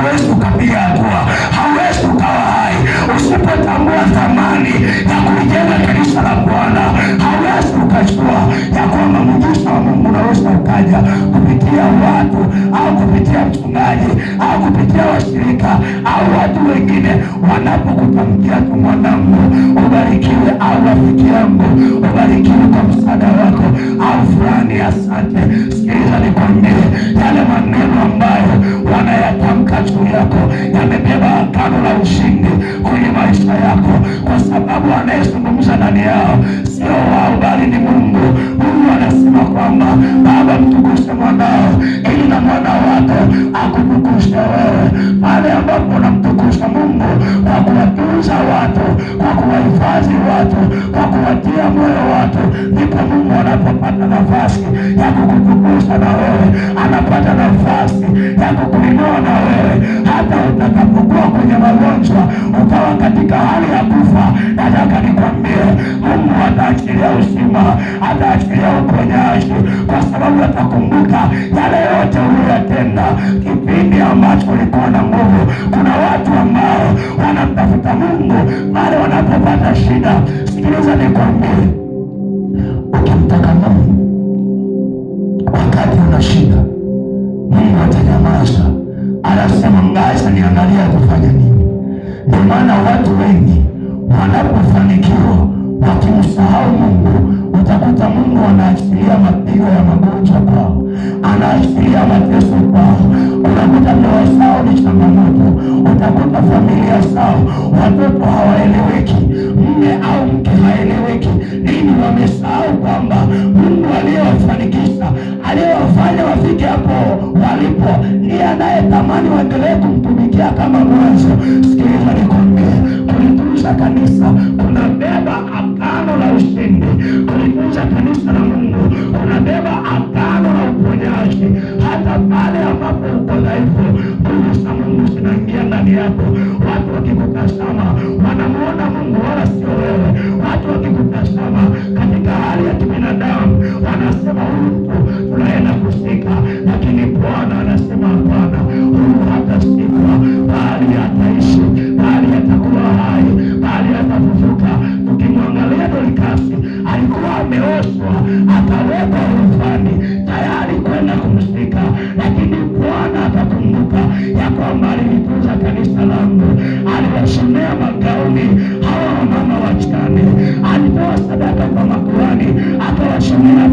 hauwezi ukapiga hatua, hauwezi ukawa hai. Usipotambua thamani ya kuijenga kanisa la Bwana, hauwezi ukajua ya kwamba mgusa wa Mungu unaweza ukaja kupitia watu au kupitia mchungaji au kupitia washirika au watu wengine wanapokutamkia tu, mwanangu, ubarikiwe au rafiki yangu, ubarikiwe kwa msaada wako au fulani, asante. Sikiliza nikwambie yale maneno ambayo juu yako yamebeba agano la ushindi kwenye maisha yako, kwa sababu anayezungumza ndani yao sio wao, bali ni Mungu. Mungu anasema kwamba Baba, mtukuse mwanao ili na mwana wako akutukuze wewe. Pale ambapo unamtukuza Mungu kwa kuwatunza watu, kwa kuwahifadhi watu, kwa kuwatia moyo watu, ndipo Mungu anapopata nafasi ya kukutukuza na wewe anapata nafasi nitakukuinua na wewe hata utakapokuwa kwenye magonjwa, ukawa katika hali ya kufa. Nataka nikwambie, Mungu ataachilia uzima, ataachilia uponyaji, kwa sababu atakumbuka yale yote uliyotenda kipindi ambacho ulikuwa na nguvu. Kuna watu ambao wanamtafuta Mungu pale wanapopata shida. Sikiliza nikwambie, ukimtaka Mungu wakati una shida Mungu atanyamaza, anasema ngaja niangalia kufanya nini. Ndio maana watu wengi wanapofanikiwa wakimsahau Mungu, utakuta Mungu anaachilia mapigo ya magonjwa kwao, anaachilia mateso kwao. unakuta ndoa zao ni changamoto, utakuta familia zao, watoto hawaeleweki, mme au mke haeleweki. Nini? Wamesahau kwamba Mungu aliye natamani waendelee kumtumikia kama mwanzo. Sikiliza nikwambie, kulikuza kanisa kunabeba agano la ushindi. Kulikuza kanisa la Mungu kunabeba agano la uponyaji, hata pale ambapo uko dhaifu, nguvu za Mungu zinaingia ndani yako. Watu wakikutazama wanamwona Mungu wala sio wewe. Watu wakikutazama katika hali ya sadaka kwa makuhani akawasomea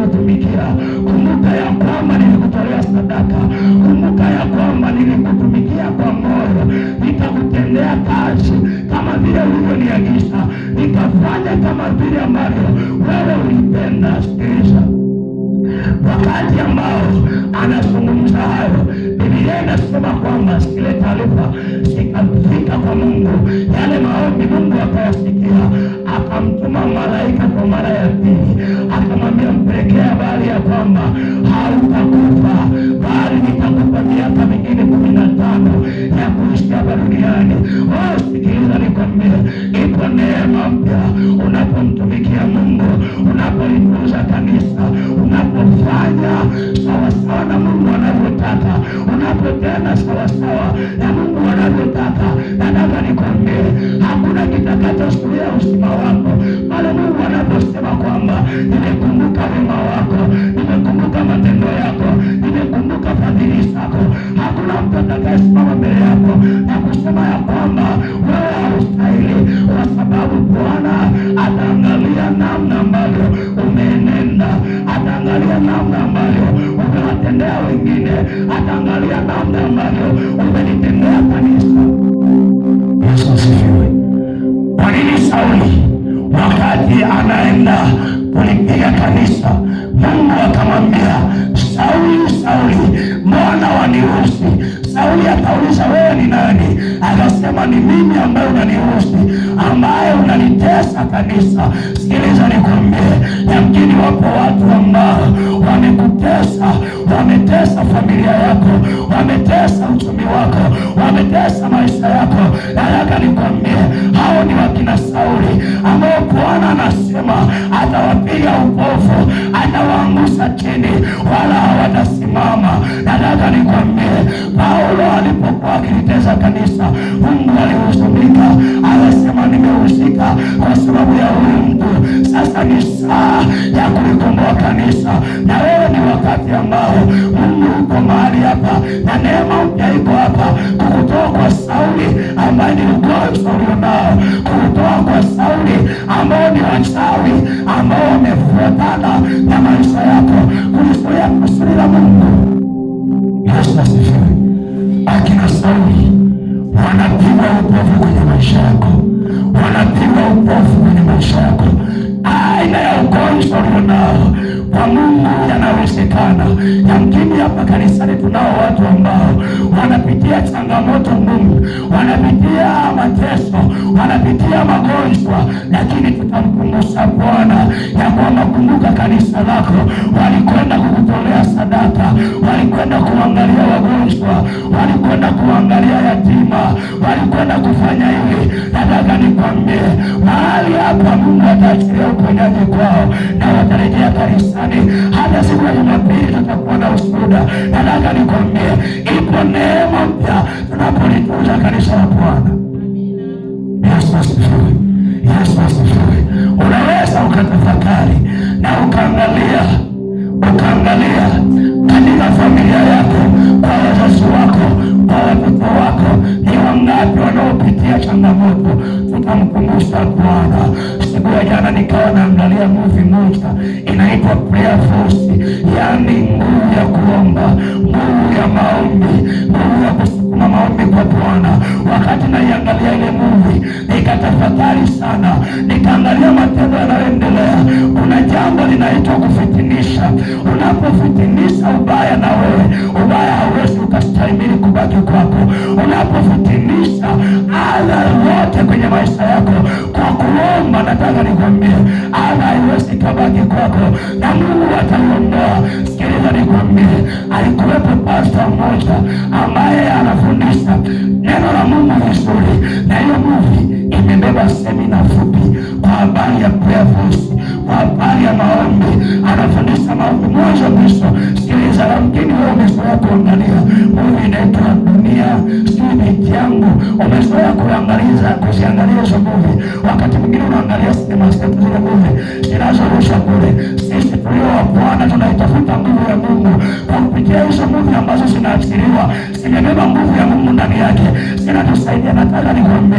nilikutumikia. Kumbuka ya kwamba nilikutolea sadaka. Kumbuka ya kwamba nilikutumikia kwa moyo. Nitakutendea kazi kama vile ulivyoniagiza, nikafanya kama vile ambavyo wewe ulipenda. Sikiliza, wakati ambao anazungumza hayo, Biblia inasema kwamba zile taarifa zikafika kwa Mungu, yale maombi Mungu akayasikia, akamtuma malaika kwa mara ya kwamba sauli wakati anaenda kulipiga kanisa, Mungu akamwambia Sauli, Sauli, mbona wanihusi? Sauli akauliza wewe ni nani? Akasema ni mimi ambaye unanihusi, ambaye unanitesa kanisa. Sikiliza nikwambie, yamkini wapo watu ambao wamekutesa, wametesa familia yako, wametesa uchumi wako, wametesa maisha yako. Nataka nikwambie anasema atawapiga upofu, atawaangusha chini, wala hawatasimama. Nataka nikwambie, Paulo alipokuwa akiliteza kanisa, Mungu alihuzunika, anasema nimehusika kwa sababu ya huyu mtu. Sasa ni saa ya kulikomboa kanisa, na wewe ni wakati ambao Mungu uko mahali hapa na neema mpya iko hapa kukutoa kwa Sauli ambaye ni ugonjwa ulionao, kukutoa kwa Sauli ambaye wachawi ambao wamefuatana na maisha yako kuliko ya kusudi la Mungu. Yesu asifiwe. Akina Sauli wanapigwa upofu kwenye maisha yako, wanapigwa upofu kwenye maisha yako, aina ya ugonjwa unao kwa Mungu yanawezekana. Yamkini hapa kanisani tunao watu ambao wanapitia changamoto ngumu, wanapitia mateso, wanapitia magonjwa, lakini tutamkumbusha Bwana ya kwamba kumbuka, kanisa lako walikwenda kukutolea sadaka, walikwenda kuangalia wagonjwa, walikwenda kuangalia yatima, walikwenda kufanya hivi. Nataka nikwambie mahali hapa Mungu ataachilia uponyaji kwao na watarejea kanisa kanisani, hata siku ya Jumapili tutakuwa na ushuhuda. Nataka nikwambie, ipo neema mpya tunapolitunza kanisa la Bwana. Yesu asifiwe, Yesu asifiwe. Unaweza ukatafakari na ukaangalia, ukaangalia katika familia yako, kwa wazazi wako, kwa watoto wako, ni wangapi wanaopitia changamoto? Tutamkumbusha Bwana siku ya jana nikawa naangalia movie moja inaitwa Prayer Force, yaani nguvu ya kuomba, nguvu ya maombi, nguvu ya kusukuma maombi kwa Bwana. Wakati naiangalia ile movie nikatafakari sana, nikaangalia matendo yanayoendelea. Kuna jambo linaitwa kufitinisha. Unapofitinisha ubaya na wewe ubaya kustahimili kubaki kwako. Unapofitinisha adha yote kwenye maisha yako kwa kuomba, nataka nikwambie adha haiwezi kabaki kwako, na Mungu ataiondoa. Sikiliza nikwambie, alikuwepo pasta mmoja ambaye anafundisha neno la Mungu vizuri, na hiyo muvi nimebeba semina fupi kwa habari ya prayer voice, kwa habari ya maombi. Anafundisha maombi moja Kristo. Sikiliza, lamkini wewe umezoea kuangalia huyu inaitwa Dunia sijui yangu, umezoea kuangaliza kuziangalia hizo movie. Wakati mwingine unaangalia sinema zile movie zinazorushwa kule. Sisi tulio wa Bwana tunaita kupitia hizo nguvu ambazo zinaachiliwa, zimebeba nguvu ya Mungu ndani yake, zinatusaidia. Nataka nikuambie,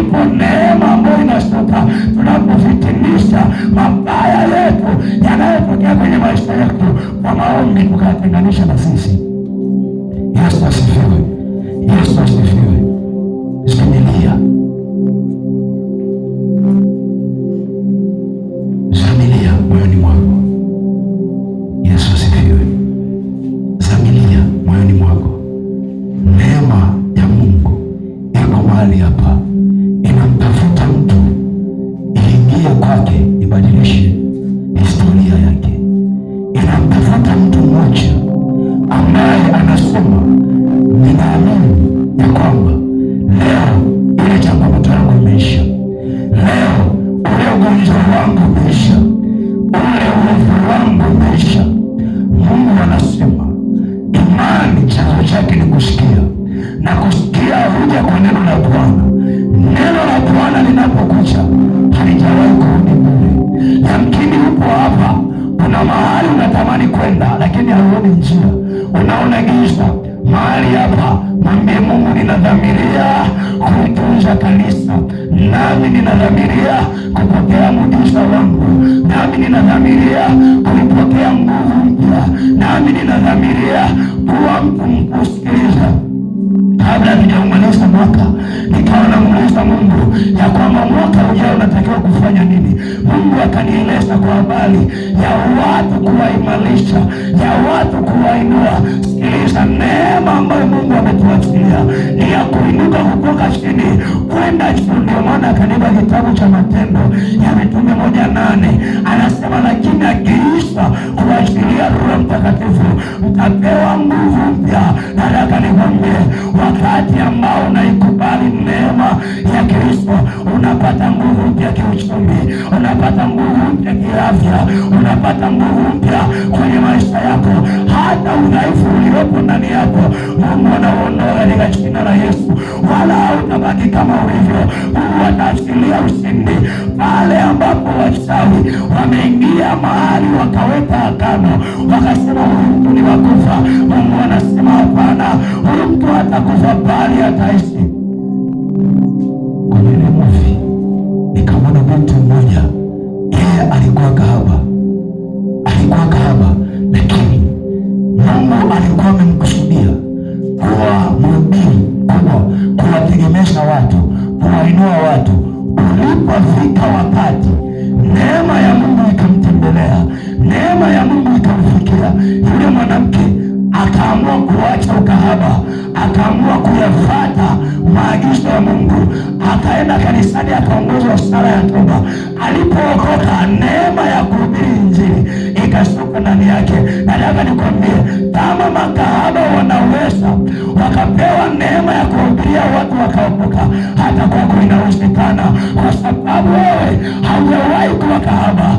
ipo neema ambayo inashuka tunapofitimisha mabaya yetu yanayotokea kwenye maisha yetu kwa maombi, tukayatenganisha na sisi. Yesu asifiwe! Yesu asifiwe! ninadhamiria kuitunza kanisa, nami ninadhamiria kupokea mujisa wangu, nami ninadhamiria kuipokea nguvu mpya, nami ninadhamiria kuwa mkusikiliza. Kabla nijaumaliza mwaka, nikawa namuuliza Mungu ya kwamba mwaka ujao natakiwa kufanya nini. Mungu akanieleza kwa habari ya watu kuwaimarisha, ya watu kuwainua kuonyesha neema ambayo Mungu ametuachilia ni ya kuinuka kutoka chini kwenda juu. Ndio maana akanipa kitabu cha Matendo ya Mitume moja nane anasema, lakini akiisha kuachilia Roho Mtakatifu mtapewa nguvu mpya. Nataka nikwambie wakati ambao na ya Kristo, unapata nguvu mpya kiuchumi, unapata nguvu mpya kiafya, unapata nguvu mpya kwenye maisha yako. Hata udhaifu uliopo ndani yako Mungu anaondoa katika jina la Yesu, wala hautabaki kama ulivyo. Mungu ataachilia ushindi pale ambapo wachawi wameingia mahali wakaweka agano, wakasema huyu mtu ni wakufa. Mungu anasema hapana, huyu mtu hatakufa bali ataishi. mtu mmoja, yeye alikuwa kahaba, alikuwa kahaba, lakini Mungu alikuwa amemkusudia kuwa mhubiri kubwa, kuwategemesha watu, kuwainua watu. Ulipofika wakati neema ya Mungu ikamtembelea, neema ya Mungu ikamfikia yule mwanamke akaamua kuacha ukahaba, akaamua kuyafata maagizo ya Mungu, akaenda kanisani, akaongozwa sala ya toba. Alipookoka, neema ya kuhubiri Injili ikashuka ndani yake. Nataka nikwambie, kama makahaba wanaweza wakapewa neema ya kuhubiria watu wakaokoka, hata kwako inawezekana, kwa sababu wewe haujawahi kuwa kahaba.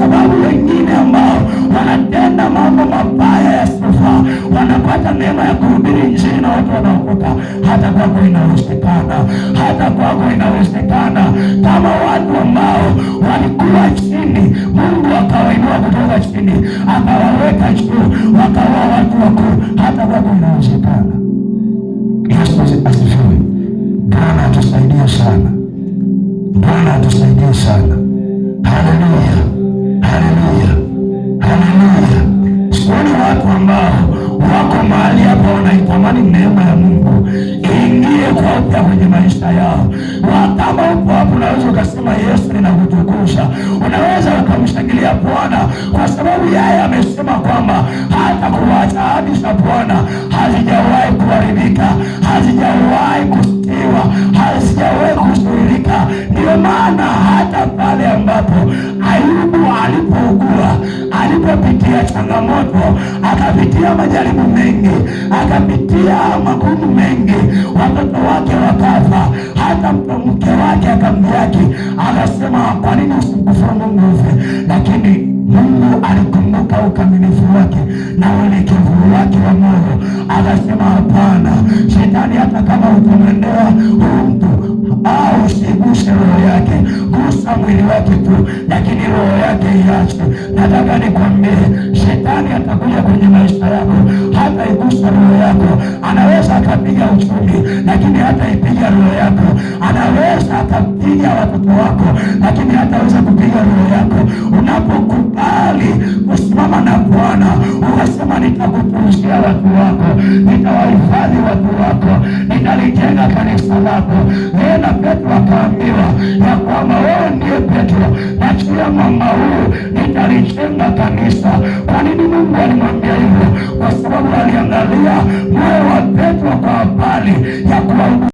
sababu wengine ambao wanatenda mambo mabaya ya sifa wanapata neema ya kuhubiri Injili na watu wanaokuta. Hata kwako inawezekana, hata kwako inawezekana, kama watu ambao walikuwa chini, Mungu akawainua kutoka chini, akawaweka juu, wakawa watu wakuu. Hata kwako inawezekana. Yesu asifiwe. Bwana atusaidia sana, Bwana atusaidia sana. Haleluya. Haleluya, haleluya. Sioni watu ambao wako mahali hapa wanaitamani neema ya Mungu ingie kwa upya kwenye maisha yao. Hata upo hapo, unaweza ukasema Yesu, ninakutukuza kumshangilia Bwana kwa sababu yeye amesema kwamba hata kuwacha ahadi za Bwana hazijawahi kuharibika, hazijawahi kusikiwa, hazijawahi kuzuilika. Ndiyo maana hata pale ambapo Ayubu alipougua alipopitia changamoto, akapitia majaribu mengi, akapitia magumu mengi, watoto wake wakafa, hata mke wake akamdhihaki, akasema kwa nini usimkufuru Mungu? Lakini alikumbuka ukamilifu wake na uelekevu wake wa moyo, akasema hapana, shetani hata kama ukumwendea huu mtu au usiguse roho yake, gusa mwili wake tu, lakini roho yake iache. Nataka nikwambie, shetani atakuja kwenye maisha yako, hata igusa roho yako. Anaweza akapiga uchumi, lakini hata ipiga roho yako. Anaweza kupiga watoto wako, lakini hataweza kupiga roho yako. Unapokubali kusimama na Bwana ukasema, nitakutumishia watu wako, nitawahifadhi watu wako, nitalijenga kanisa lako. Yeye na Petro akaambiwa ya kwamba wewe ndiye Petro, na juu ya mwamba huu nitalijenga kanisa. Kwa nini Mungu alimwambia hivyo? Kwa sababu aliangalia moyo wa Petro kwa habari ya kuwa